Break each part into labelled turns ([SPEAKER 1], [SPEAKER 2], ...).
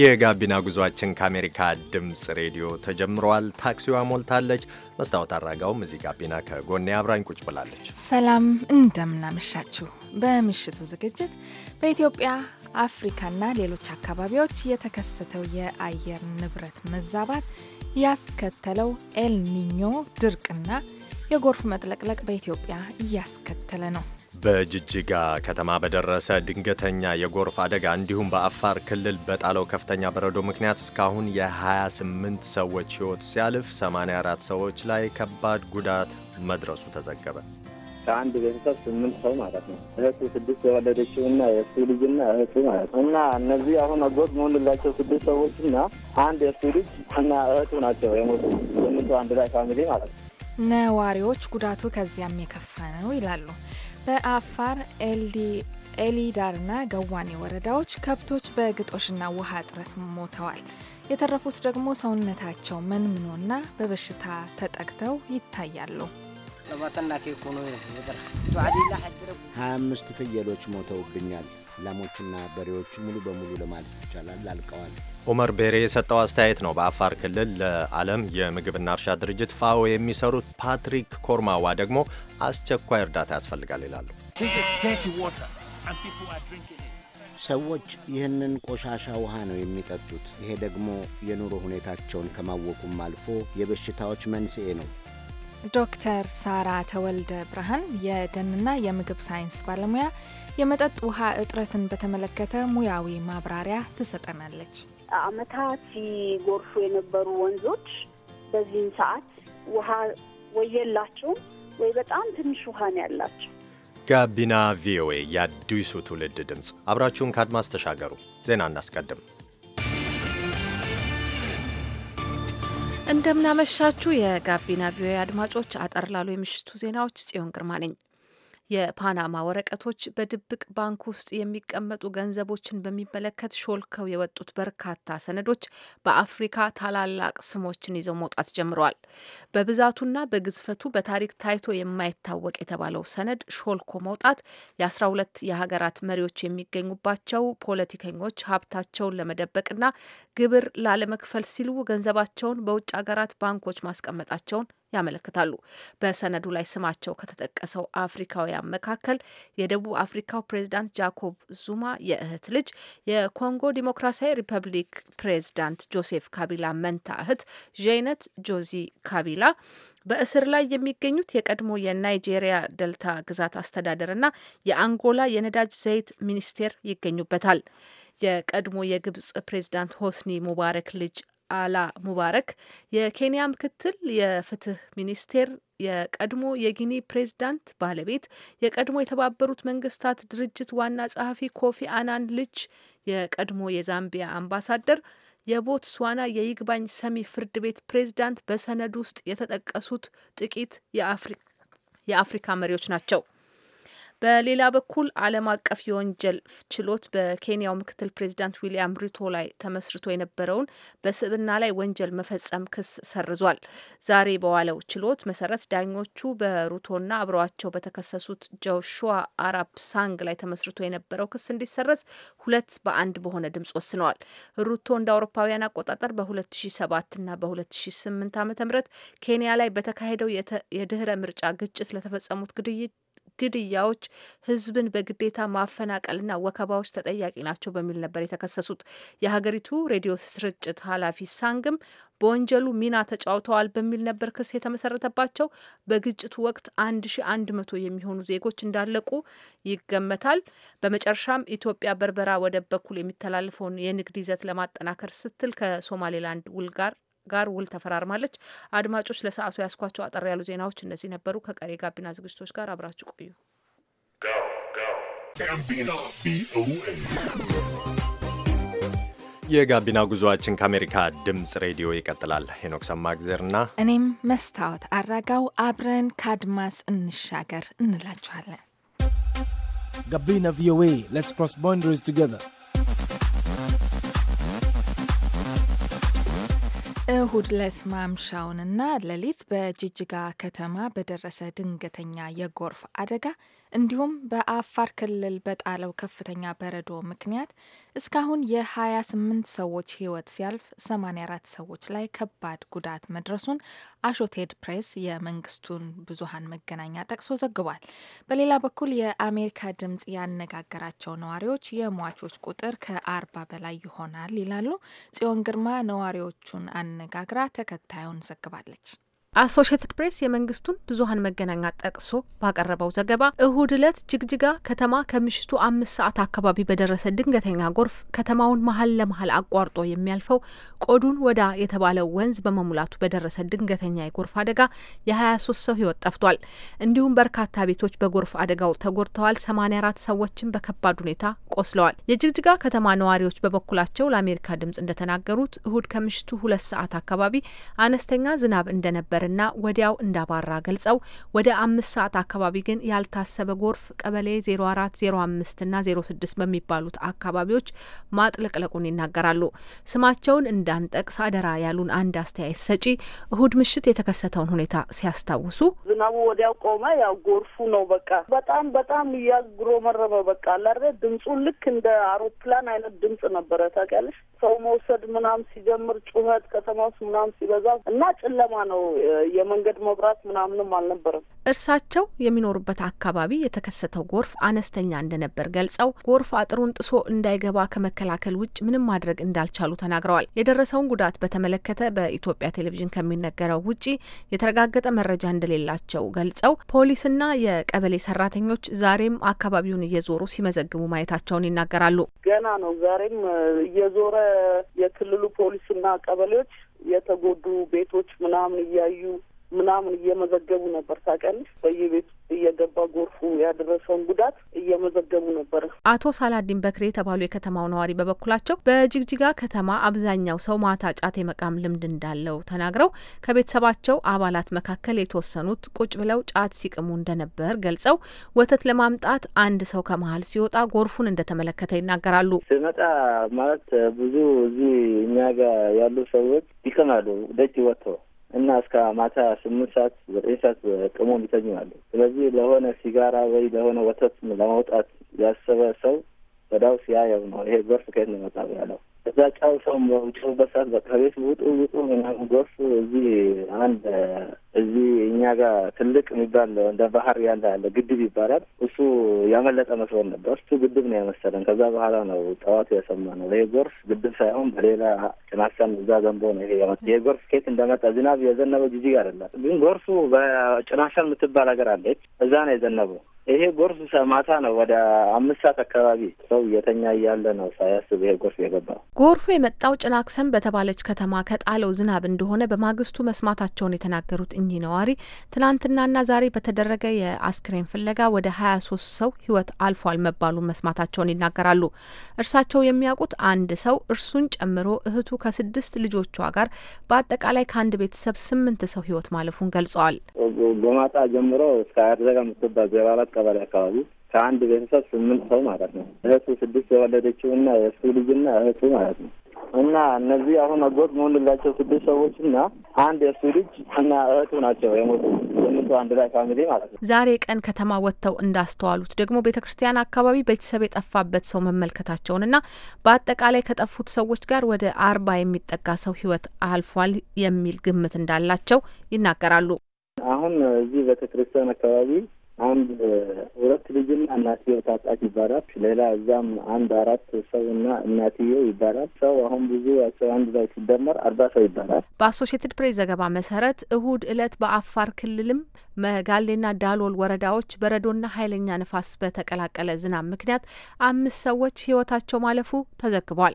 [SPEAKER 1] የጋቢና ጉዟችን ከአሜሪካ ድምፅ ሬዲዮ ተጀምሯል። ታክሲዋ ሞልታለች። መስታወት አራጋውም እዚህ ጋቢና ከጎኔ አብራኝ ቁጭ ብላለች።
[SPEAKER 2] ሰላም እንደምናመሻችሁ። በምሽቱ ዝግጅት በኢትዮጵያ አፍሪካና ሌሎች አካባቢዎች የተከሰተው የአየር ንብረት መዛባት ያስከተለው ኤልኒኞ ድርቅና የጎርፍ መጥለቅለቅ በኢትዮጵያ እያስከተለ ነው።
[SPEAKER 1] በጅጅጋ ከተማ በደረሰ ድንገተኛ የጎርፍ አደጋ እንዲሁም በአፋር ክልል በጣለው ከፍተኛ በረዶ ምክንያት እስካሁን የ28 ሰዎች ሕይወት ሲያልፍ 84 ሰዎች ላይ ከባድ ጉዳት መድረሱ ተዘገበ።
[SPEAKER 3] ከአንድ ቤተሰብ ስምንት ሰው ማለት ነው። እህቱ ስድስት የወለደችውና እና የእሱ ልጅና እህቱ ማለት ነው እና እነዚህ አሁን አጎት መሆንላቸው ስድስት ሰዎች እና አንድ የእሱ ልጅ እና እህቱ ናቸው የሞቱ ስምንቱ አንድ ላይ ፋሚሊ ማለት ነው።
[SPEAKER 2] ነዋሪዎች ጉዳቱ ከዚያም የከፋ ነው ይላሉ። በአፋር ኤልዲ ኤሊዳርና ገዋኔ ወረዳዎች ከብቶች በግጦሽና ውሃ እጥረት ሞተዋል። የተረፉት ደግሞ ሰውነታቸው መንምኖና በበሽታ ተጠቅተው ይታያሉ።
[SPEAKER 4] ሀያ ፍየሎች ሞተውብኛል። ላሞችና በሬዎች ሙሉ በሙሉ ለማለት ይቻላል አልቀዋል።
[SPEAKER 1] ኦመር ቤሬ የሰጠው አስተያየት ነው። በአፋር ክልል ለዓለም የምግብና እርሻ ድርጅት ፋኦ የሚሰሩት ፓትሪክ ኮርማዋ ደግሞ አስቸኳይ እርዳታ ያስፈልጋል ይላሉ።
[SPEAKER 4] ሰዎች ይህንን ቆሻሻ ውሃ ነው የሚጠጡት። ይሄ ደግሞ የኑሮ ሁኔታቸውን ከማወቁም አልፎ የበሽታዎች መንስኤ ነው።
[SPEAKER 2] ዶክተር ሳራ ተወልደ ብርሃን የደንና የምግብ ሳይንስ ባለሙያ የመጠጥ ውሃ እጥረትን በተመለከተ ሙያዊ ማብራሪያ ትሰጠናለች።
[SPEAKER 5] አመታት ሲጎርፉ የነበሩ ወንዞች በዚህም ሰዓት ውሃ ወየላቸው ወይ በጣም ትንሽ ውሃ ነው ያላቸው።
[SPEAKER 1] ጋቢና ቪኦኤ የአዲሱ ትውልድ ድምፅ፣ አብራችሁን ከአድማስ ተሻገሩ። ዜና እናስቀድም።
[SPEAKER 6] እንደምናመሻችሁ የጋቢና ቪኦኤ አድማጮች፣ አጠር ላሉ የምሽቱ ዜናዎች ጽዮን ግርማ ነኝ። የፓናማ ወረቀቶች በድብቅ ባንክ ውስጥ የሚቀመጡ ገንዘቦችን በሚመለከት ሾልከው የወጡት በርካታ ሰነዶች በአፍሪካ ታላላቅ ስሞችን ይዘው መውጣት ጀምረዋል። በብዛቱና በግዝፈቱ በታሪክ ታይቶ የማይታወቅ የተባለው ሰነድ ሾልኮ መውጣት የአስራ ሁለት የሀገራት መሪዎች የሚገኙባቸው ፖለቲከኞች ሀብታቸውን ለመደበቅና ግብር ላለመክፈል ሲሉ ገንዘባቸውን በውጭ ሀገራት ባንኮች ማስቀመጣቸውን ያመለክታሉ። በሰነዱ ላይ ስማቸው ከተጠቀሰው አፍሪካውያን መካከል የደቡብ አፍሪካው ፕሬዚዳንት ጃኮብ ዙማ የእህት ልጅ፣ የኮንጎ ዲሞክራሲያዊ ሪፐብሊክ ፕሬዚዳንት ጆሴፍ ካቢላ መንታ እህት ዣይነት ጆዚ ካቢላ በእስር ላይ የሚገኙት የቀድሞ የናይጄሪያ ደልታ ግዛት አስተዳደርና የአንጎላ የነዳጅ ዘይት ሚኒስቴር ይገኙበታል። የቀድሞ የግብጽ ፕሬዚዳንት ሆስኒ ሙባረክ ልጅ አላ ሙባረክ የኬንያ ምክትል የፍትህ ሚኒስቴር የቀድሞ የጊኒ ፕሬዝዳንት ባለቤት የቀድሞ የተባበሩት መንግስታት ድርጅት ዋና ጸሐፊ ኮፊ አናን ልጅ የቀድሞ የዛምቢያ አምባሳደር የቦትስዋና የይግባኝ ሰሚ ፍርድ ቤት ፕሬዝዳንት በሰነድ ውስጥ የተጠቀሱት ጥቂት የአፍሪካ መሪዎች ናቸው። በሌላ በኩል ዓለም አቀፍ የወንጀል ችሎት በኬንያው ምክትል ፕሬዚዳንት ዊሊያም ሩቶ ላይ ተመስርቶ የነበረውን በስብና ላይ ወንጀል መፈጸም ክስ ሰርዟል። ዛሬ በዋለው ችሎት መሰረት ዳኞቹ በሩቶና አብረዋቸው በተከሰሱት ጆሹዋ አራፕ ሳንግ ላይ ተመስርቶ የነበረው ክስ እንዲሰረዝ ሁለት በአንድ በሆነ ድምጽ ወስነዋል። ሩቶ እንደ አውሮፓውያን አቆጣጠር በ2007ና በ2008 ዓ ም ኬንያ ላይ በተካሄደው የድህረ ምርጫ ግጭት ለተፈጸሙት ግድይት። ግድያዎች፣ ህዝብን በግዴታ ማፈናቀልና ወከባዎች ተጠያቂ ናቸው በሚል ነበር የተከሰሱት። የሀገሪቱ ሬዲዮ ስርጭት ኃላፊ ሳንግም በወንጀሉ ሚና ተጫውተዋል በሚል ነበር ክስ የተመሰረተባቸው። በግጭቱ ወቅት 1100 የሚሆኑ ዜጎች እንዳለቁ ይገመታል። በመጨረሻም ኢትዮጵያ በርበራ ወደብ በኩል የሚተላለፈውን የንግድ ይዘት ለማጠናከር ስትል ከሶማሌላንድ ውል ጋር ጋር ውል ተፈራርማለች። አድማጮች ለሰዓቱ ያስኳቸው አጠር ያሉ ዜናዎች እነዚህ ነበሩ። ከቀሪ ጋቢና ዝግጅቶች ጋር አብራችሁ ቆዩ።
[SPEAKER 1] የጋቢና ጉዞአችን ከአሜሪካ ድምፅ ሬዲዮ ይቀጥላል። ሄኖክ ሰማግዜርና
[SPEAKER 2] እኔም መስታወት አራጋው አብረን ከአድማስ እንሻገር እንላችኋለን።
[SPEAKER 1] ጋቢና ቪኦኤ ሌትስ ክሮስ
[SPEAKER 2] ቦንደሪስ ቱጌዘር እሁድ ለት ማምሻውንና ሌሊት በጅጅጋ ከተማ በደረሰ ድንገተኛ የጎርፍ አደጋ እንዲሁም በአፋር ክልል በጣለው ከፍተኛ በረዶ ምክንያት እስካሁን የ28 ሰዎች ሕይወት ሲያልፍ 84 ሰዎች ላይ ከባድ ጉዳት መድረሱን አሾቴድ ፕሬስ የመንግስቱን ብዙሃን መገናኛ ጠቅሶ ዘግቧል። በሌላ በኩል የአሜሪካ ድምፅ ያነጋገራቸው ነዋሪዎች የሟቾች ቁጥር ከ40 በላይ ይሆናል ይላሉ። ጽዮን ግርማ ነዋሪዎቹን አነጋግራ ተከታዩን ዘግባለች።
[SPEAKER 6] አሶሽትድ ፕሬስ የመንግስቱን ብዙሀን መገናኛ ጠቅሶ ባቀረበው ዘገባ እሁድ ዕለት ጅግጅጋ ከተማ ከምሽቱ አምስት ሰዓት አካባቢ በደረሰ ድንገተኛ ጎርፍ ከተማውን መሀል ለመሀል አቋርጦ የሚያልፈው ቆዱን ወዳ የተባለው ወንዝ በመሙላቱ በደረሰ ድንገተኛ የጎርፍ አደጋ የ23 ሰው ህይወት ጠፍቷል። እንዲሁም በርካታ ቤቶች በጎርፍ አደጋው ተጎድተዋል። 84 ሰዎችን በከባድ ሁኔታ ቆስለዋል። የጅግጅጋ ከተማ ነዋሪዎች በበኩላቸው ለአሜሪካ ድምጽ እንደተናገሩት እሁድ ከምሽቱ ሁለት ሰዓት አካባቢ አነስተኛ ዝናብ እንደነበረ እንደነበርና ወዲያው እንዳባራ ገልጸው ወደ አምስት ሰዓት አካባቢ ግን ያልታሰበ ጎርፍ ቀበሌ ዜሮ አራት ዜሮ አምስት ና ዜሮ ስድስት በሚባሉት አካባቢዎች ማጥለቅለቁን ይናገራሉ። ስማቸውን እንዳንጠቅስ አደራ ያሉን አንድ አስተያየት ሰጪ እሁድ ምሽት የተከሰተውን ሁኔታ ሲያስታውሱ
[SPEAKER 3] ዝናቡ ወዲያው ቆመ። ያው ጎርፉ ነው በቃ በጣም በጣም እያጉረመረመ በቃ አላረ ድምፁ ልክ እንደ አውሮፕላን አይነት ድምጽ ነበረ ታውቂያለሽ። ሰው መውሰድ ምናም ሲጀምር ጩኸት ከተማ ውስጥ ምናም ሲበዛ እና ጨለማ ነው የመንገድ መብራት ምናምንም አልነበረም።
[SPEAKER 6] እርሳቸው የሚኖሩበት አካባቢ የተከሰተው ጎርፍ አነስተኛ እንደነበር ገልጸው ጎርፍ አጥሩን ጥሶ እንዳይገባ ከመከላከል ውጭ ምንም ማድረግ እንዳልቻሉ ተናግረዋል። የደረሰውን ጉዳት በተመለከተ በኢትዮጵያ ቴሌቪዥን ከሚነገረው ውጪ የተረጋገጠ መረጃ እንደሌላቸው ገልጸው ፖሊስና የቀበሌ ሰራተኞች ዛሬም አካባቢውን እየዞሩ ሲመዘግቡ ማየታቸውን
[SPEAKER 3] ይናገራሉ። ገና ነው። ዛሬም እየዞረ የክልሉ ፖሊስና ቀበሌዎች የተጎዱ ቤቶች ምናምን እያዩ ምናምን እየመዘገቡ ነበር ታውቂያለሽ። በየቤት እየገባ ጎርፉ ያደረሰውን ጉዳት እየመዘገቡ ነበር።
[SPEAKER 6] አቶ ሳላዲን በክሬ የተባሉ የከተማው ነዋሪ በበኩላቸው በጅግጅጋ ከተማ አብዛኛው ሰው ማታ ጫት የመቃም ልምድ እንዳለው ተናግረው ከቤተሰባቸው አባላት መካከል የተወሰኑት ቁጭ ብለው ጫት ሲቅሙ እንደነበር ገልጸው ወተት ለማምጣት አንድ ሰው ከመሀል ሲወጣ ጎርፉን እንደተመለከተ
[SPEAKER 3] ይናገራሉ። ስመጣ ማለት ብዙ እዚህ እኛ ጋር ያሉ ሰዎች ይቅማሉ ደጅ ወጥተው እና እስከ ማታ ስምንት ሰዓት ዘጠኝ ሰዓት ቅሞ የሚተኙ አሉ። ስለዚህ ለሆነ ሲጋራ ወይ ለሆነ ወተት ለማውጣት ያሰበ ሰው በዳው ሲያየው ነው ይሄ ጎርፍ ከየት ነው የመጣው ያለው። እዛ ሰው በሚጭሩበት ሰዓት በቃ ቤት ውጡ ውጡ ምናምን ጎርፍ እዚህ አንድ እዚህ እኛ ጋር ትልቅ የሚባል እንደ ባህር ያለ አለ ግድብ ይባላል። እሱ ያመለጠ መስሎን ነበር። እሱ ግድብ ነው የመሰለን። ከዛ በኋላ ነው ጠዋቱ የሰማ ነው። ይሄ ጎርፍ ግድብ ሳይሆን በሌላ ጭናሰን እዛ ዘንቦ ነው ይሄ ይሄ ጎርፍ ኬት እንደመጣ ዝናብ የዘነበው ጅጅጋ አይደለም፣ ግን ጎርፉ በጭናሰን የምትባል ሀገር አለች። እዛ ነው የዘነበው ይሄ ጎርፍ ማታ ነው ወደ አምስት ሰዓት አካባቢ ሰው እየተኛ እያለ ነው ሳያስብ ይሄ ጎርፍ የገባው።
[SPEAKER 6] ጎርፉ የመጣው ጭናክሰን በተባለች ከተማ ከጣለው ዝናብ እንደሆነ በማግስቱ መስማታቸውን የተናገሩት እኚህ ነዋሪ ትናንትናና ዛሬ በተደረገ የአስክሬን ፍለጋ ወደ ሀያ ሶስት ሰው ህይወት አልፏል መባሉን መስማታቸውን ይናገራሉ። እርሳቸው የሚያውቁት አንድ ሰው እርሱን ጨምሮ እህቱ ከስድስት ልጆቿ ጋር በአጠቃላይ ከአንድ ቤተሰብ ስምንት ሰው ህይወት ማለፉን ገልጸዋል።
[SPEAKER 3] ጎማጣ ጀምሮ እስከ አርዘጋ ምትባል ቀበሌ አካባቢ ከአንድ ቤተሰብ ስምንት ሰው ማለት ነው። እህቱ ስድስት የወለደችውና የእሱ ልጅና እህቱ ማለት ነው እና እነዚህ አሁን አጎት መሆንላቸው ስድስት ሰዎች እና አንድ የእሱ ልጅ እና እህቱ ናቸው የሞቱ ስምንቱ አንድ ላይ ፋሚሊ ማለት ነው።
[SPEAKER 6] ዛሬ ቀን ከተማ ወጥተው እንዳስተዋሉት ደግሞ ቤተ ክርስቲያን አካባቢ ቤተሰብ የጠፋበት ሰው መመልከታቸውን እና በአጠቃላይ ከጠፉት ሰዎች ጋር ወደ አርባ የሚጠጋ ሰው ህይወት አልፏል የሚል ግምት እንዳላቸው ይናገራሉ።
[SPEAKER 3] አሁን እዚህ ቤተ ክርስቲያን አካባቢ አንድ ሁለት ልጅና እናትየው ታጣች ይባላል። ሌላ እዛም አንድ አራት ሰው እና እናትየው ይባላል። ሰው አሁን ብዙ ሰው አንድ ላይ ሲደመር አርባ ሰው ይባላል።
[SPEAKER 6] በአሶሽየትድ ፕሬስ ዘገባ መሰረት እሁድ እለት በአፋር ክልልም መጋሌና ዳሎል ወረዳዎች በረዶና ኃይለኛ ንፋስ በተቀላቀለ ዝናብ ምክንያት አምስት ሰዎች ህይወታቸው ማለፉ ተዘግቧል።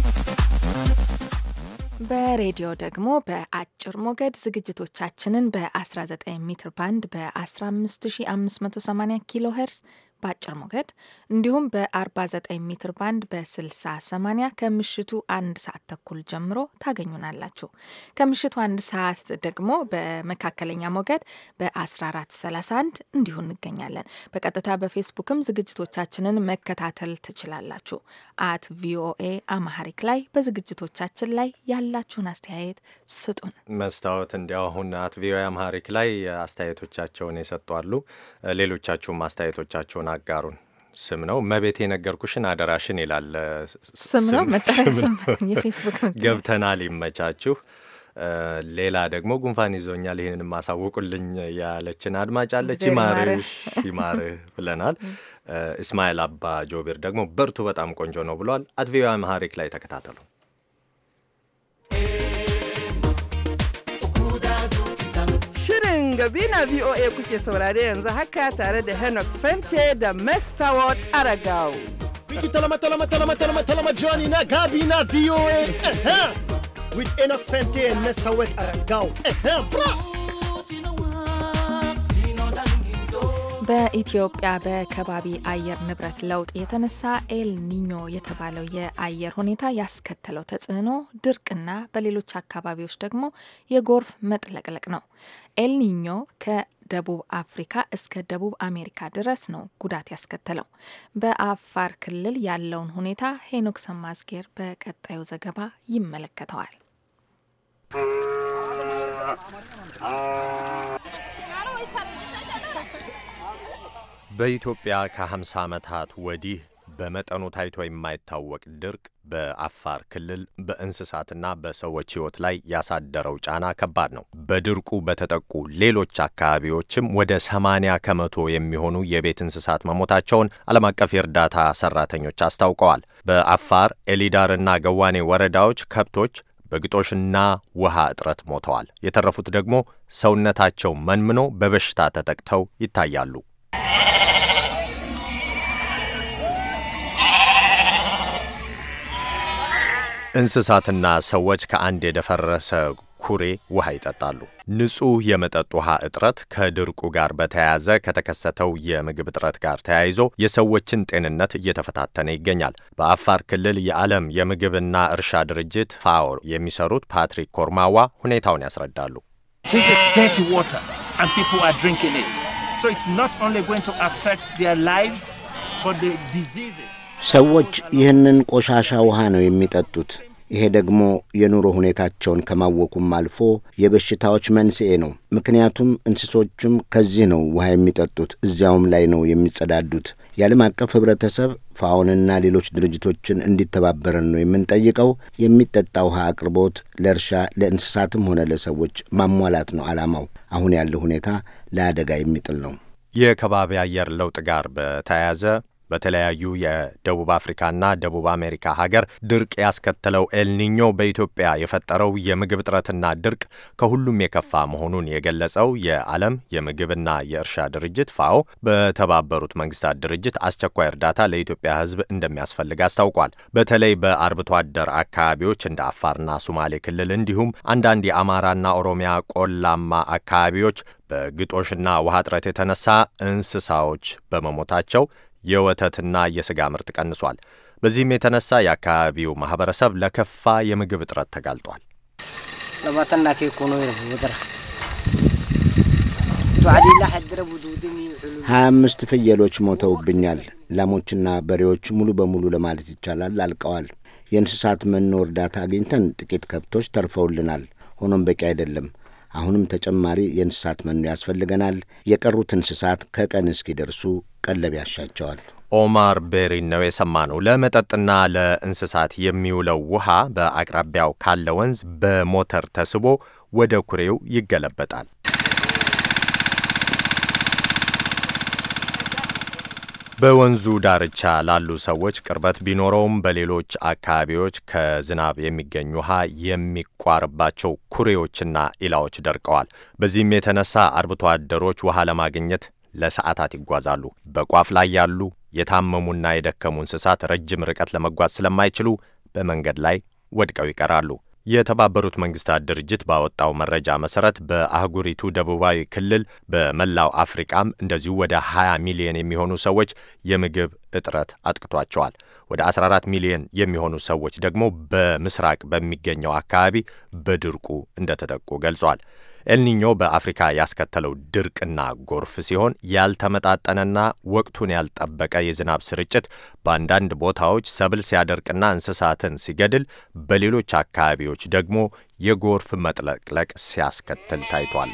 [SPEAKER 2] በሬዲዮ ደግሞ በአጭር ሞገድ ዝግጅቶቻችንን በ19 ሜትር ባንድ በ15580 ኪሎ ሄርስ በአጭር ሞገድ እንዲሁም በ49 ሜትር ባንድ በ6080 ከምሽቱ አንድ ሰዓት ተኩል ጀምሮ ታገኙናላችሁ። ከምሽቱ አንድ ሰዓት ደግሞ በመካከለኛ ሞገድ በ1431 እንዲሁ እንገኛለን። በቀጥታ በፌስቡክም ዝግጅቶቻችንን መከታተል ትችላላችሁ። አት ቪኦኤ አማሐሪክ ላይ በዝግጅቶቻችን ላይ ያላችሁን አስተያየት ስጡን።
[SPEAKER 1] መስታወት እንዲያው አሁን አት ቪኦኤ አማሐሪክ ላይ አስተያየቶቻቸውን የሰጡ አሉ። ሌሎቻችሁም አስተያየቶቻቸውን አጋሩን ስም ነው። እመቤቴ የነገርኩሽን አደራሽን ይላል ስም ነው። የፌስቡክ ገብተናል። ይመቻችሁ። ሌላ ደግሞ ጉንፋን ይዞኛል ይህንን ማሳወቁልኝ ያለችን አድማጭ አለች። ይማርሽ ይማርህ ብለናል። እስማኤል አባ ጆቤር ደግሞ በርቱ፣ በጣም ቆንጆ ነው ብሏል። አት ቪኦኤ ላይ ተከታተሉ።
[SPEAKER 7] Dabina VOA kuke saurare yanzu haka tare da Henok
[SPEAKER 8] Fente da Mestaward Aragao. Wiki talama talama talama talama talama Johnny na Gabi na VOA. With Enoch Fente and Mestaward Aragaw. Bra!
[SPEAKER 2] በኢትዮጵያ በከባቢ አየር ንብረት ለውጥ የተነሳ ኤል ኒኞ የተባለው የአየር ሁኔታ ያስከተለው ተጽዕኖ ድርቅና በሌሎች አካባቢዎች ደግሞ የጎርፍ መጥለቅለቅ ነው። ኤልኒኞ ከደቡብ አፍሪካ እስከ ደቡብ አሜሪካ ድረስ ነው ጉዳት ያስከተለው። በአፋር ክልል ያለውን ሁኔታ ሄኖክ ሰማዝጌር በቀጣዩ ዘገባ ይመለከተዋል።
[SPEAKER 1] በኢትዮጵያ ከ50 ዓመታት ወዲህ በመጠኑ ታይቶ የማይታወቅ ድርቅ በአፋር ክልል በእንስሳትና በሰዎች ሕይወት ላይ ያሳደረው ጫና ከባድ ነው። በድርቁ በተጠቁ ሌሎች አካባቢዎችም ወደ 80 ከመቶ የሚሆኑ የቤት እንስሳት መሞታቸውን ዓለም አቀፍ የእርዳታ ሰራተኞች አስታውቀዋል። በአፋር ኤሊዳርና ገዋኔ ወረዳዎች ከብቶች በግጦሽና ውሃ እጥረት ሞተዋል። የተረፉት ደግሞ ሰውነታቸው መንምኖ በበሽታ ተጠቅተው ይታያሉ። እንስሳትና ሰዎች ከአንድ የደፈረሰ ኩሬ ውሃ ይጠጣሉ። ንጹህ የመጠጥ ውሃ እጥረት ከድርቁ ጋር በተያያዘ ከተከሰተው የምግብ እጥረት ጋር ተያይዞ የሰዎችን ጤንነት እየተፈታተነ ይገኛል። በአፋር ክልል የዓለም የምግብና እርሻ ድርጅት ፋኦ የሚሰሩት ፓትሪክ ኮርማዋ ሁኔታውን ያስረዳሉ።
[SPEAKER 8] ስ
[SPEAKER 4] ሰዎች ይህንን ቆሻሻ ውሃ ነው የሚጠጡት። ይሄ ደግሞ የኑሮ ሁኔታቸውን ከማወቁም አልፎ የበሽታዎች መንስኤ ነው። ምክንያቱም እንስሶቹም ከዚህ ነው ውሃ የሚጠጡት፣ እዚያውም ላይ ነው የሚጸዳዱት። የዓለም አቀፍ ኅብረተሰብ ፋኦንና ሌሎች ድርጅቶችን እንዲተባበረን ነው የምንጠይቀው። የሚጠጣ ውሃ አቅርቦት ለእርሻ ለእንስሳትም ሆነ ለሰዎች ማሟላት ነው ዓላማው። አሁን ያለው ሁኔታ ለአደጋ የሚጥል ነው።
[SPEAKER 1] የከባቢ አየር ለውጥ ጋር በተያያዘ በተለያዩ የደቡብ አፍሪካና ደቡብ አሜሪካ ሀገር ድርቅ ያስከተለው ኤልኒኞ በኢትዮጵያ የፈጠረው የምግብ እጥረትና ድርቅ ከሁሉም የከፋ መሆኑን የገለጸው የዓለም የምግብና የእርሻ ድርጅት ፋኦ በተባበሩት መንግስታት ድርጅት አስቸኳይ እርዳታ ለኢትዮጵያ ሕዝብ እንደሚያስፈልግ አስታውቋል። በተለይ በአርብቶ አደር አካባቢዎች እንደ አፋርና ሶማሌ ክልል እንዲሁም አንዳንድ የአማራና ኦሮሚያ ቆላማ አካባቢዎች በግጦሽና ውሃ እጥረት የተነሳ እንስሳዎች በመሞታቸው የወተትና የስጋ ምርት ቀንሷል። በዚህም የተነሳ የአካባቢው ማህበረሰብ ለከፋ የምግብ እጥረት ተጋልጧል። ሀያ አምስት
[SPEAKER 4] ፍየሎች ሞተውብኛል። ላሞችና በሬዎች ሙሉ በሙሉ ለማለት ይቻላል አልቀዋል። የእንስሳት መኖ እርዳታ አግኝተን ጥቂት ከብቶች ተርፈውልናል። ሆኖም በቂ አይደለም። አሁንም ተጨማሪ የእንስሳት መኖ ያስፈልገናል። የቀሩት እንስሳት ከቀን እስኪደርሱ
[SPEAKER 1] ቀለብ ያሻቸዋል። ኦማር ቤሪን ነው የሰማነው። ለመጠጥና ለእንስሳት የሚውለው ውሃ በአቅራቢያው ካለ ወንዝ በሞተር ተስቦ ወደ ኩሬው ይገለበጣል። በወንዙ ዳርቻ ላሉ ሰዎች ቅርበት ቢኖረውም በሌሎች አካባቢዎች ከዝናብ የሚገኝ ውሃ የሚቋርባቸው ኩሬዎችና ኢላዎች ደርቀዋል። በዚህም የተነሳ አርብቶ አደሮች ውሃ ለማግኘት ለሰዓታት ይጓዛሉ። በቋፍ ላይ ያሉ የታመሙና የደከሙ እንስሳት ረጅም ርቀት ለመጓዝ ስለማይችሉ በመንገድ ላይ ወድቀው ይቀራሉ። የተባበሩት መንግስታት ድርጅት ባወጣው መረጃ መሰረት በአህጉሪቱ ደቡባዊ ክልል በመላው አፍሪቃም እንደዚሁ ወደ 20 ሚሊዮን የሚሆኑ ሰዎች የምግብ እጥረት አጥቅቷቸዋል። ወደ 14 ሚሊዮን የሚሆኑ ሰዎች ደግሞ በምስራቅ በሚገኘው አካባቢ በድርቁ እንደተጠቁ ገልጿል። ኤልኒኞ በአፍሪካ ያስከተለው ድርቅና ጎርፍ ሲሆን ያልተመጣጠነና ወቅቱን ያልጠበቀ የዝናብ ስርጭት በአንዳንድ ቦታዎች ሰብል ሲያደርቅና እንስሳትን ሲገድል፣ በሌሎች አካባቢዎች ደግሞ የጎርፍ መጥለቅለቅ ሲያስከትል ታይቷል።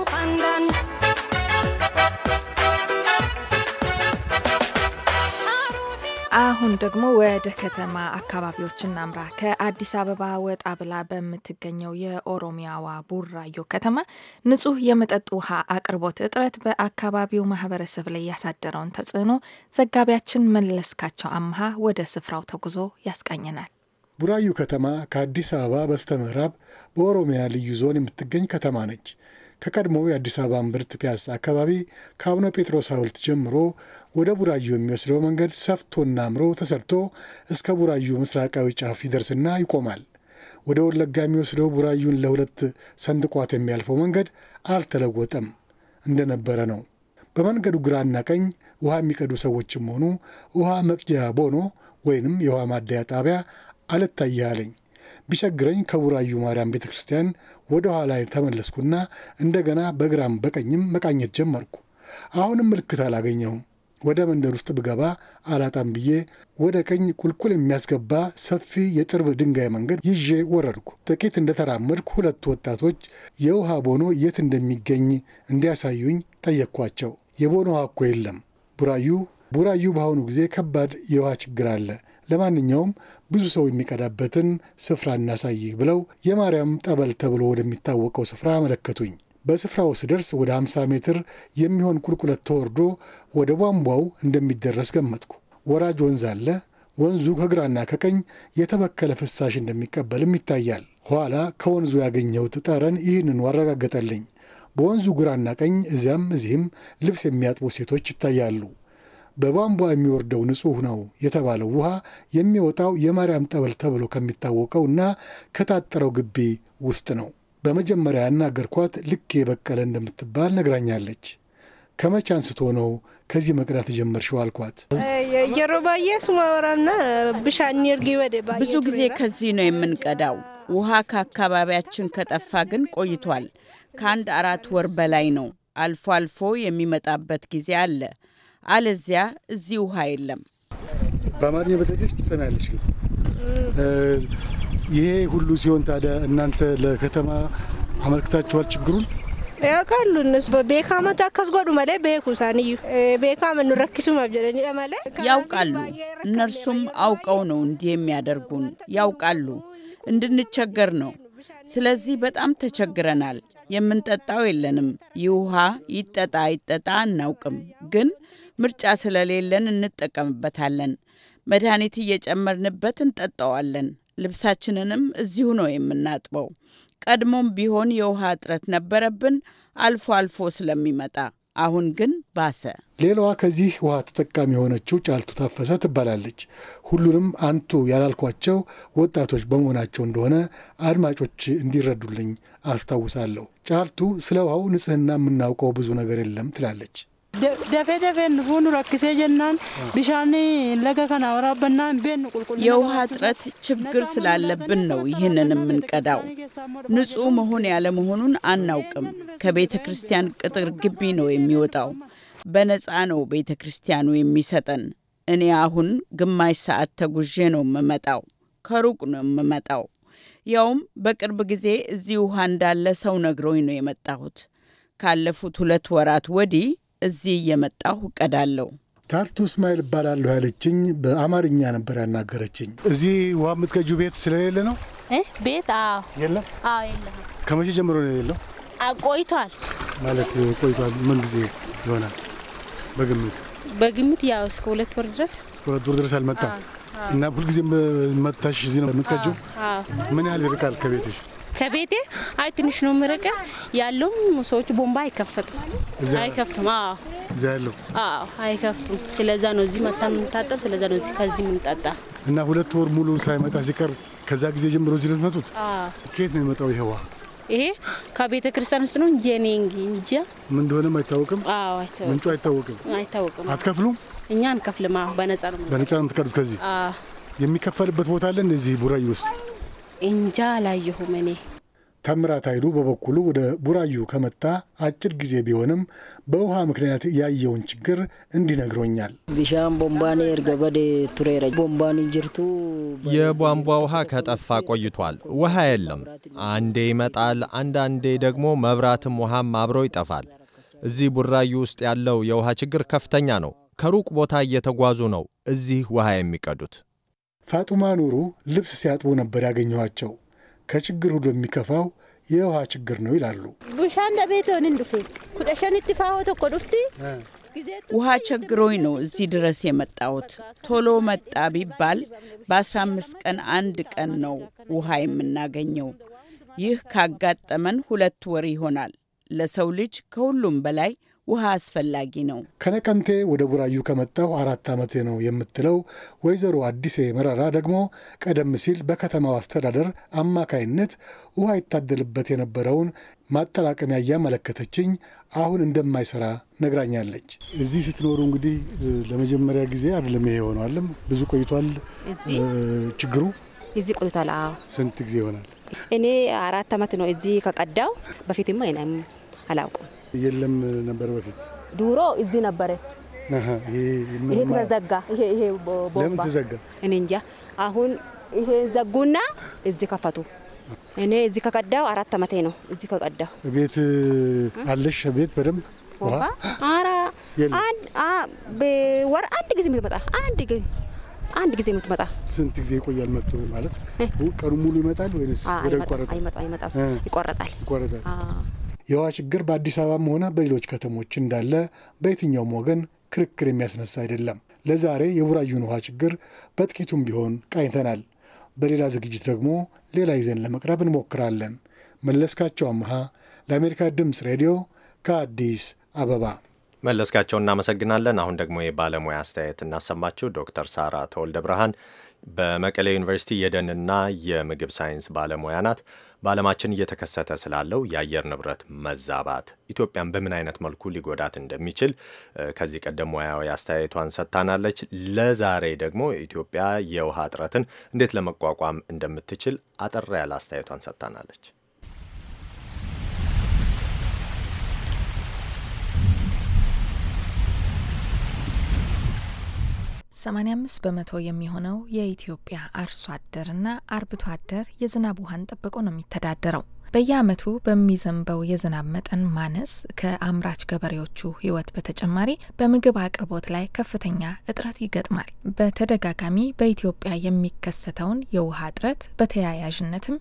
[SPEAKER 2] አሁን ደግሞ ወደ ከተማ አካባቢዎች እናምራ። ከአዲስ አበባ ወጣ ብላ በምትገኘው የኦሮሚያዋ ቡራዮ ከተማ ንጹህ የመጠጥ ውሃ አቅርቦት እጥረት በአካባቢው ማህበረሰብ ላይ ያሳደረውን ተጽዕኖ ዘጋቢያችን መለስካቸው አምሃ ወደ ስፍራው ተጉዞ ያስቃኝናል።
[SPEAKER 8] ቡራዩ ከተማ ከአዲስ አበባ በስተምዕራብ በኦሮሚያ ልዩ ዞን የምትገኝ ከተማ ነች። ከቀድሞው የአዲስ አበባ እምብርት ፒያሳ አካባቢ ከአቡነ ጴጥሮስ ሐውልት ጀምሮ ወደ ቡራዩ የሚወስደው መንገድ ሰፍቶና አምሮ ተሰርቶ እስከ ቡራዩ ምስራቃዊ ጫፍ ይደርስና ይቆማል። ወደ ወለጋ የሚወስደው ቡራዩን ለሁለት ሰንጥቋት የሚያልፈው መንገድ አልተለወጠም፣ እንደነበረ ነው። በመንገዱ ግራና ቀኝ ውሃ የሚቀዱ ሰዎችም ሆኑ ውሃ መቅጃ ቦኖ ወይንም የውሃ ማደያ ጣቢያ አልታየህ አለኝ። ቢቸግረኝ ከቡራዩ ማርያም ቤተ ክርስቲያን ወደ ኋላ ተመለስኩና እንደገና በግራም በቀኝም መቃኘት ጀመርኩ። አሁንም ምልክት አላገኘሁም። ወደ መንደር ውስጥ ብገባ አላጣም ብዬ ወደ ቀኝ ቁልቁል የሚያስገባ ሰፊ የጥርብ ድንጋይ መንገድ ይዤ ወረድኩ። ጥቂት እንደተራመድኩ ሁለቱ ወጣቶች የውሃ ቦኖ የት እንደሚገኝ እንዲያሳዩኝ ጠየቅኳቸው። የቦኖ ውሃ እኮ የለም ቡራዩ ቡራዩ በአሁኑ ጊዜ ከባድ የውሃ ችግር አለ። ለማንኛውም ብዙ ሰው የሚቀዳበትን ስፍራ እናሳይህ ብለው የማርያም ጠበል ተብሎ ወደሚታወቀው ስፍራ አመለከቱኝ። በስፍራው ስደርስ ወደ 50 ሜትር የሚሆን ቁልቁለት ተወርዶ ወደ ቧንቧው እንደሚደረስ ገመትኩ። ወራጅ ወንዝ አለ። ወንዙ ከግራና ከቀኝ የተበከለ ፍሳሽ እንደሚቀበልም ይታያል። ኋላ ከወንዙ ያገኘሁት ጠረን ይህንኑ አረጋገጠልኝ። በወንዙ ግራና ቀኝ እዚያም እዚህም ልብስ የሚያጥቡ ሴቶች ይታያሉ። በቧንቧ የሚወርደው ንጹሕ ነው የተባለው ውሃ የሚወጣው የማርያም ጠበል ተብሎ ከሚታወቀው እና ከታጠረው ግቢ ውስጥ ነው። በመጀመሪያ ያናገርኳት ልክ የበቀለ እንደምትባል ነግራኛለች። ከመቼ አንስቶ ነው ከዚህ መቅዳት የጀመርሽው? አልኳት።
[SPEAKER 7] ብዙ ጊዜ ከዚህ ነው የምንቀዳው። ውሃ ከአካባቢያችን ከጠፋ ግን ቆይቷል። ከአንድ አራት ወር በላይ ነው። አልፎ አልፎ የሚመጣበት ጊዜ አለ። አለዚያ እዚህ ውሃ የለም።
[SPEAKER 8] በአማርኛ በተገሽ ትጸናለች ይሄ ሁሉ ሲሆን ታዲያ እናንተ ለከተማ አመልክታችኋል ችግሩን?
[SPEAKER 7] ካሉ እነሱ በቤካመት አካስጓዱ መለ ቤኩ እዩ ቤካመን ረኪሱ መብጀለኒ መለ ያውቃሉ። እነርሱም አውቀው ነው እንዲህ የሚያደርጉን ያውቃሉ። እንድንቸገር ነው። ስለዚህ በጣም ተቸግረናል። የምንጠጣው የለንም። ይህ ውሃ ይጠጣ ይጠጣ አናውቅም፣ ግን ምርጫ ስለሌለን እንጠቀምበታለን። መድኃኒት እየጨመርንበት እንጠጣዋለን። ልብሳችንንም እዚሁ ነው የምናጥበው። ቀድሞም ቢሆን የውሃ እጥረት ነበረብን አልፎ አልፎ ስለሚመጣ አሁን ግን ባሰ።
[SPEAKER 8] ሌላዋ ከዚህ ውሃ ተጠቃሚ የሆነችው ጫልቱ ታፈሰ ትባላለች። ሁሉንም አንቱ ያላልኳቸው ወጣቶች በመሆናቸው እንደሆነ አድማጮች እንዲረዱልኝ አስታውሳለሁ። ጫልቱ ስለ ውሃው ንጽህና የምናውቀው ብዙ ነገር የለም ትላለች።
[SPEAKER 7] ደፌ ደፌ ፉኑ ረክሴ ጀናን ብሻኒ ለገ ከና ወራበና ቤን ቁልቁል የውሃ እጥረት ችግር ስላለብን ነው ይህንን የምንቀዳው። ንጹህ መሆን ያለመሆኑን አናውቅም። ከቤተ ክርስቲያን ቅጥር ግቢ ነው የሚወጣው። በነፃ ነው ቤተ ክርስቲያኑ የሚሰጠን። እኔ አሁን ግማሽ ሰዓት ተጉዤ ነው የምመጣው። ከሩቅ ነው የምመጣው። ያውም በቅርብ ጊዜ እዚህ ውሃ እንዳለ ሰው ነግሮኝ ነው የመጣሁት። ካለፉት ሁለት ወራት ወዲህ እዚህ እየመጣሁ እቀዳለሁ።
[SPEAKER 8] ታርቱ እስማኤል እባላለሁ ያለችኝ በአማርኛ ነበር ያናገረችኝ። እዚህ ውሃ የምትገጁ ቤት ስለሌለ ነው? ቤት የለም። የለም። ከመቼ ጀምሮ ነው የሌለው? ቆይቷል። ማለት ቆይቷል። ምን ጊዜ ይሆናል? በግምት
[SPEAKER 7] በግምት ያው እስከ ሁለት ወር ድረስ
[SPEAKER 8] እስከ ሁለት ወር ድረስ አልመጣም እና ሁልጊዜ መታሽ እዚህ ነው የምትቀጁ? ምን ያህል ይርቃል ከቤትሽ?
[SPEAKER 7] ከቤቴ አይ ትንሽ ነው ምርቀ ያለውም ሰዎች ቦምባ አይከፈቱም አይከፍቱም። አዎ እዛ ያለው አዎ አይከፍቱም። ስለዛ ነው እዚህ መታ የምንታጠብ፣ ስለዛ ነው እዚህ ከዚህ የምንጠጣ
[SPEAKER 8] እና ሁለት ወር ሙሉ ሳይመጣ ሲቀር ከዛ ጊዜ ጀምሮ እዚህ ነው የምትመጡት? ከየት ነው የመጣው ይሄ ውሃ?
[SPEAKER 7] ይሄ ከቤተ ክርስቲያን ውስጥ ነው እንጂ እኔ እንጃ
[SPEAKER 8] ምን እንደሆነም አይታወቅም። አዎ አይታወቅም፣ ምንጩ አይታወቅም፣ አይታወቅም። አትከፍሉም?
[SPEAKER 7] እኛ አንከፍልም። አዎ በነጻ ነው
[SPEAKER 8] በነጻ ነው የምትቀዱት ከዚህ? አዎ የሚከፈልበት ቦታ አለ እንደዚህ ቡራዩ ውስጥ
[SPEAKER 7] እንጃ አላየሁም እኔ።
[SPEAKER 8] ተምራት ኃይሉ በበኩሉ ወደ ቡራዩ ከመጣ አጭር ጊዜ ቢሆንም በውሃ ምክንያት ያየውን ችግር እንዲህ ነግሮኛል።
[SPEAKER 7] ቦምባኔ ቱሬረ ቦምባን እንጅርቱ
[SPEAKER 1] የቧንቧ ውሃ ከጠፋ ቆይቷል። ውሃ የለም። አንዴ ይመጣል፣ አንዳንዴ ደግሞ መብራትም ውሃም አብሮ ይጠፋል። እዚህ ቡራዩ ውስጥ ያለው የውሃ ችግር ከፍተኛ ነው። ከሩቅ ቦታ እየተጓዙ ነው እዚህ ውሃ የሚቀዱት።
[SPEAKER 8] ፋጡማ ኑሩ ልብስ ሲያጥቡ ነበር ያገኘኋቸው። ከችግር ሁሉ የሚከፋው የውሃ ችግር ነው ይላሉ።
[SPEAKER 7] ውሃ ቸግሮኝ ነው እዚህ ድረስ የመጣሁት። ቶሎ መጣ ቢባል በ15 ቀን አንድ ቀን ነው ውሃ የምናገኘው። ይህ ካጋጠመን ሁለት ወር ይሆናል። ለሰው ልጅ ከሁሉም በላይ ውሃ አስፈላጊ ነው።
[SPEAKER 8] ከነቀምቴ ወደ ቡራዩ ከመጣሁ አራት ዓመቴ ነው የምትለው ወይዘሮ አዲሴ መረራ ደግሞ ቀደም ሲል በከተማው አስተዳደር አማካይነት ውሃ ይታደልበት የነበረውን ማጠራቀሚያ እያመለከተችኝ አሁን እንደማይሰራ ነግራኛለች። እዚህ ስትኖሩ እንግዲህ ለመጀመሪያ ጊዜ አይደለም ይሄ የሆነዋለም ብዙ ቆይቷል። ችግሩ እዚህ ቆይቷል። ስንት ጊዜ ይሆናል?
[SPEAKER 6] እኔ አራት ዓመት ነው እዚህ ከቀዳው በፊትማ አላውቁም።
[SPEAKER 8] የለም ነበር በፊት
[SPEAKER 6] ድሮ እዚህ ነበረ።
[SPEAKER 8] ይሄ ተዘጋ።
[SPEAKER 6] ይሄ ለምን ተዘጋ? እኔ እንጃ። አሁን ይሄ ዘጉና እዚህ ከፈቱ። እኔ እዚህ ከቀዳው
[SPEAKER 7] አራት አመቴ ነው። እዚህ ከቀዳው
[SPEAKER 8] ቤት አለሽ? ቤት በደንብ
[SPEAKER 7] ወር አንድ ጊዜ የምትመጣ አንድ ጊዜ አንድ ጊዜ የምትመጣ።
[SPEAKER 8] ስንት ጊዜ ይቆያል? መጥቶ ማለት ቀኑ ሙሉ ይመጣል ወይስ ወደ ይቆረጣል? ይቆረጣል። የውሃ ችግር በአዲስ አበባም ሆነ በሌሎች ከተሞች እንዳለ በየትኛውም ወገን ክርክር የሚያስነሳ አይደለም። ለዛሬ የቡራዩን ውሃ ችግር በጥቂቱም ቢሆን ቃኝተናል። በሌላ ዝግጅት ደግሞ ሌላ ይዘን ለመቅረብ እንሞክራለን። መለስካቸው አመሃ ለአሜሪካ ድምፅ ሬዲዮ ከአዲስ አበባ።
[SPEAKER 1] መለስካቸው እናመሰግናለን። አሁን ደግሞ የባለሙያ አስተያየት እናሰማችሁ። ዶክተር ሳራ ተወልደ ብርሃን በመቀሌ ዩኒቨርሲቲ የደንና የምግብ ሳይንስ ባለሙያ ናት። በዓለማችን እየተከሰተ ስላለው የአየር ንብረት መዛባት ኢትዮጵያን በምን አይነት መልኩ ሊጎዳት እንደሚችል ከዚህ ቀደም ሙያዊ አስተያየቷን ሰጥታናለች። ለዛሬ ደግሞ ኢትዮጵያ የውሃ እጥረትን እንዴት ለመቋቋም እንደምትችል አጠር ያለ አስተያየቷን ሰጥታናለች።
[SPEAKER 2] 85 በመቶ የሚሆነው የኢትዮጵያ አርሶ አደርና አርብቶ አደር የዝናብ ውሃን ጠብቆ ነው የሚተዳደረው። በየዓመቱ በሚዘንበው የዝናብ መጠን ማነስ ከአምራች ገበሬዎቹ ሕይወት በተጨማሪ በምግብ አቅርቦት ላይ ከፍተኛ እጥረት ይገጥማል። በተደጋጋሚ በኢትዮጵያ የሚከሰተውን የውሃ እጥረት በተያያዥነትም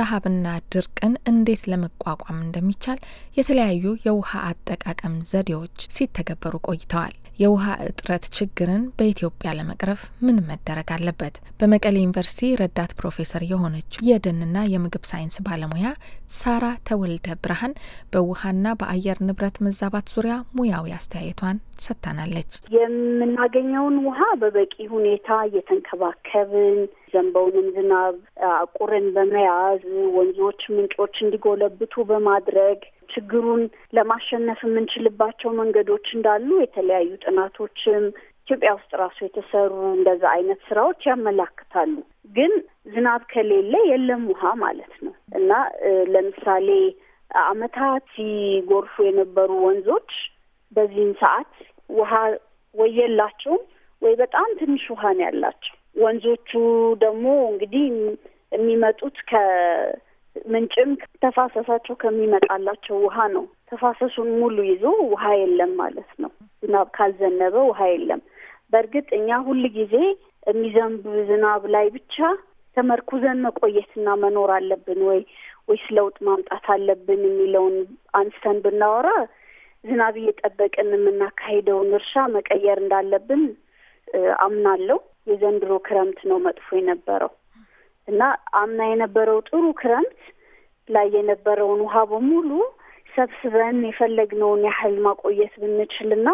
[SPEAKER 2] ረሃብና ድርቅን እንዴት ለመቋቋም እንደሚቻል የተለያዩ የውሃ አጠቃቀም ዘዴዎች ሲተገበሩ ቆይተዋል። የውሃ እጥረት ችግርን በኢትዮጵያ ለመቅረፍ ምን መደረግ አለበት? በመቀሌ ዩኒቨርሲቲ ረዳት ፕሮፌሰር የሆነችው የደንና የምግብ ሳይንስ ባለሙያ ሳራ ተወልደ ብርሃን በውሃና በአየር ንብረት መዛባት ዙሪያ ሙያዊ አስተያየቷን ሰጥታናለች።
[SPEAKER 5] የምናገኘውን ውሃ በበቂ ሁኔታ እየተንከባከብን ዘንበውንም ዝናብ አቁርን በመያዝ ወንዞች ምንጮች እንዲጎለብቱ በማድረግ ችግሩን ለማሸነፍ የምንችልባቸው መንገዶች እንዳሉ የተለያዩ ጥናቶችም ኢትዮጵያ ውስጥ ራሱ የተሰሩ እንደዛ አይነት ስራዎች ያመላክታሉ። ግን ዝናብ ከሌለ የለም ውሃ ማለት ነው እና ለምሳሌ አመታት ሲጎርፉ የነበሩ ወንዞች በዚህም ሰዓት ውሃ ወይ የላቸውም ወይ በጣም ትንሽ ውሃ ነው ያላቸው። ወንዞቹ ደግሞ እንግዲህ የሚመጡት ከ ምንጭም ተፋሰሳቸው ከሚመጣላቸው ውሃ ነው። ተፋሰሱን ሙሉ ይዞ ውሃ የለም ማለት ነው። ዝናብ ካልዘነበ ውሃ የለም። በእርግጥ እኛ ሁል ጊዜ የሚዘንብ ዝናብ ላይ ብቻ ተመርኩዘን መቆየትና መኖር አለብን ወይ ወይስ ለውጥ ማምጣት አለብን የሚለውን አንስተን ብናወራ ዝናብ እየጠበቅን የምናካሄደውን እርሻ መቀየር እንዳለብን አምናለሁ። የዘንድሮ ክረምት ነው መጥፎ የነበረው። እና አምና የነበረው ጥሩ ክረምት ላይ የነበረውን ውሃ በሙሉ ሰብስበን የፈለግነውን ያህል ማቆየት ብንችልና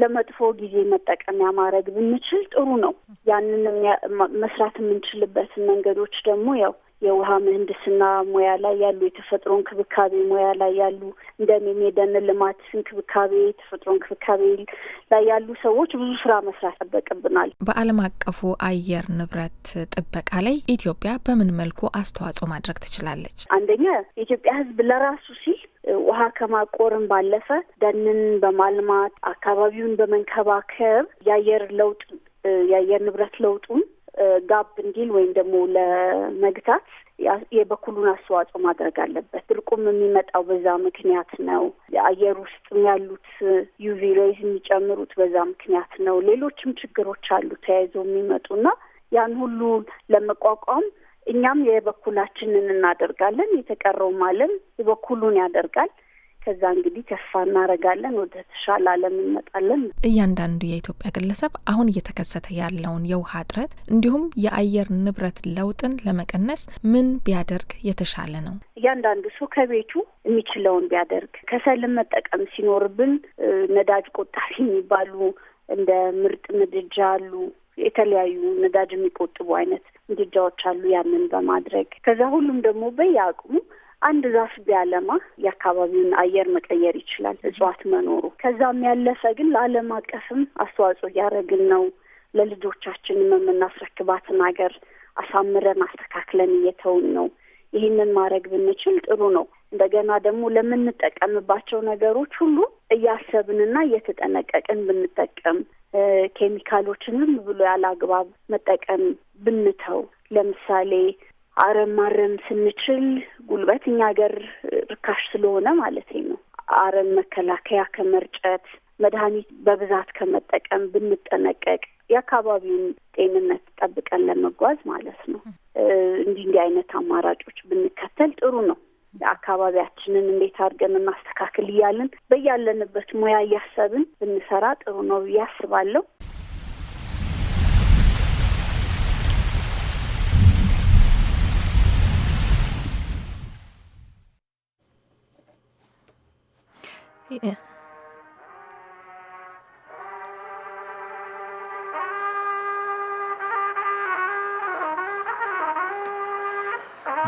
[SPEAKER 5] ለመጥፎ ጊዜ መጠቀሚያ ማድረግ ብንችል ጥሩ ነው። ያንን መስራት የምንችልበትን መንገዶች ደግሞ ያው የውሃ ምህንድስና ሙያ ላይ ያሉ፣ የተፈጥሮ እንክብካቤ ሙያ ላይ ያሉ፣ እንደኔም የደን ልማት እንክብካቤ፣ የተፈጥሮ እንክብካቤ ላይ ያሉ ሰዎች ብዙ ስራ መስራት ይጠበቅብናል።
[SPEAKER 2] በዓለም አቀፉ አየር ንብረት ጥበቃ ላይ ኢትዮጵያ በምን መልኩ አስተዋጽኦ ማድረግ ትችላለች?
[SPEAKER 5] አንደኛ የኢትዮጵያ ሕዝብ ለራሱ ሲል ውሃ ከማቆርን ባለፈ ደንን በማልማት አካባቢውን በመንከባከብ የአየር ለውጥ የአየር ንብረት ለውጡን ጋብ እንዲል ወይም ደግሞ ለመግታት የበኩሉን አስተዋጽኦ ማድረግ አለበት። ድርቁም የሚመጣው በዛ ምክንያት ነው። የአየር ውስጥ ያሉት ዩቪ ሬይዝ የሚጨምሩት በዛ ምክንያት ነው። ሌሎችም ችግሮች አሉ ተያይዘው ና ያን ሁሉ ለመቋቋም እኛም የበኩላችንን እናደርጋለን። የተቀረውም ዓለም የበኩሉን ያደርጋል። ከዛ እንግዲህ ተስፋ እናደርጋለን ወደ ተሻለ ዓለም እንመጣለን።
[SPEAKER 2] እያንዳንዱ የኢትዮጵያ ግለሰብ አሁን እየተከሰተ ያለውን የውሃ እጥረት እንዲሁም የአየር ንብረት ለውጥን ለመቀነስ ምን ቢያደርግ የተሻለ ነው?
[SPEAKER 5] እያንዳንዱ ሰው ከቤቱ የሚችለውን ቢያደርግ ከሰልን መጠቀም ሲኖርብን ነዳጅ ቆጣቢ የሚባሉ እንደ ምርጥ ምድጃ አሉ። የተለያዩ ነዳጅ የሚቆጥቡ አይነት ምድጃዎች አሉ። ያንን በማድረግ ከዛ ሁሉም ደግሞ በየአቅሙ አንድ ዛፍ ቢያለማ የአካባቢውን አየር መቀየር ይችላል እጽዋት መኖሩ። ከዛም ያለፈ ግን ለዓለም አቀፍም አስተዋጽኦ እያደረግን ነው። ለልጆቻችንም የምናስረክባትን ሀገር አሳምረን አስተካክለን እየተውን ነው። ይህንን ማድረግ ብንችል ጥሩ ነው። እንደገና ደግሞ ለምንጠቀምባቸው ነገሮች ሁሉ እያሰብንና እየተጠነቀቅን ብንጠቀም፣ ኬሚካሎችንም ብሎ ያለ አግባብ መጠቀም ብንተው፣ ለምሳሌ አረም ማረም ስንችል ጉልበት እኛ ሀገር ርካሽ ስለሆነ ማለት ነው። አረም መከላከያ ከመርጨት መድኃኒት በብዛት ከመጠቀም ብንጠነቀቅ የአካባቢውን ጤንነት ጠብቀን ለመጓዝ ማለት ነው። እንዲህ እንዲህ አይነት አማራጮች ብንከተል ጥሩ ነው። አካባቢያችንን እንዴት አድርገን እናስተካክል እያልን በያለንበት ሙያ እያሰብን ብንሰራ ጥሩ ነው ብዬ አስባለሁ።
[SPEAKER 2] Yeah.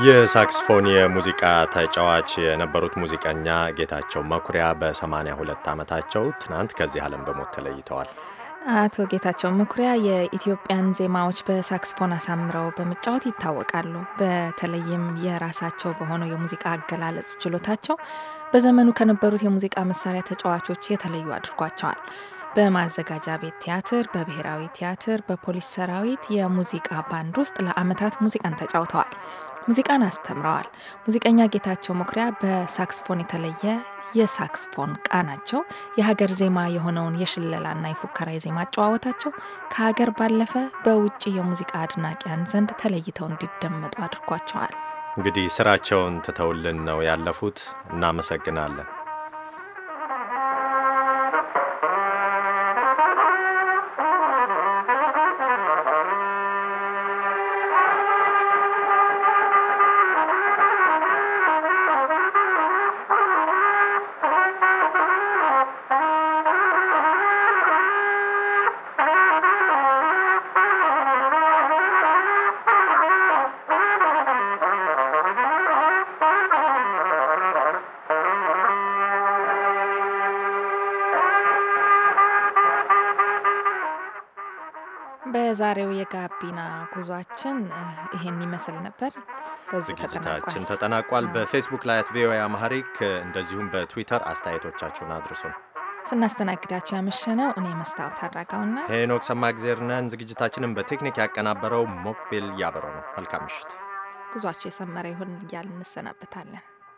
[SPEAKER 1] የሳክስፎን የሙዚቃ ተጫዋች የነበሩት ሙዚቀኛ ጌታቸው መኩሪያ በ82 ዓመታቸው ትናንት ከዚህ ዓለም በሞት ተለይተዋል።
[SPEAKER 2] አቶ ጌታቸው መኩሪያ የኢትዮጵያን ዜማዎች በሳክስፎን አሳምረው በመጫወት ይታወቃሉ። በተለይም የራሳቸው በሆነው የሙዚቃ አገላለጽ ችሎታቸው በዘመኑ ከነበሩት የሙዚቃ መሳሪያ ተጫዋቾች የተለዩ አድርጓቸዋል። በማዘጋጃ ቤት ቲያትር፣ በብሔራዊ ቲያትር፣ በፖሊስ ሰራዊት የሙዚቃ ባንድ ውስጥ ለአመታት ሙዚቃን ተጫውተዋል። ሙዚቃን አስተምረዋል። ሙዚቀኛ ጌታቸው መኩሪያ በሳክስፎን የተለየ የሳክስፎን ቃናቸው፣ የሀገር ዜማ የሆነውን የሽለላና የፉከራ የዜማ አጨዋወታቸው ከሀገር ባለፈ በውጭ የሙዚቃ አድናቂያን ዘንድ ተለይተው እንዲደመጡ አድርጓቸዋል።
[SPEAKER 1] እንግዲህ ስራቸውን ትተውልን ነው ያለፉት። እናመሰግናለን።
[SPEAKER 2] የዛሬው የጋቢና ጉዟችን ይህን ይመስል ነበር።
[SPEAKER 1] ዝግጅታችን ተጠናቋል። በፌስቡክ ላይ አት ቪኦኤ አማሪክ እንደዚሁም በትዊተር አስተያየቶቻችሁን አድርሱን።
[SPEAKER 2] ስናስተናግዳችሁ ያመሸነው እኔ መስታወት አድራጋውና
[SPEAKER 1] ሄኖክ ሰማእግዜር ነን። ዝግጅታችንን በቴክኒክ ያቀናበረው ሞክቤል ያበረው ነው። መልካም ምሽት።
[SPEAKER 5] ጉዟቸው የሰመረ ይሁን እያልን እንሰናበታለን።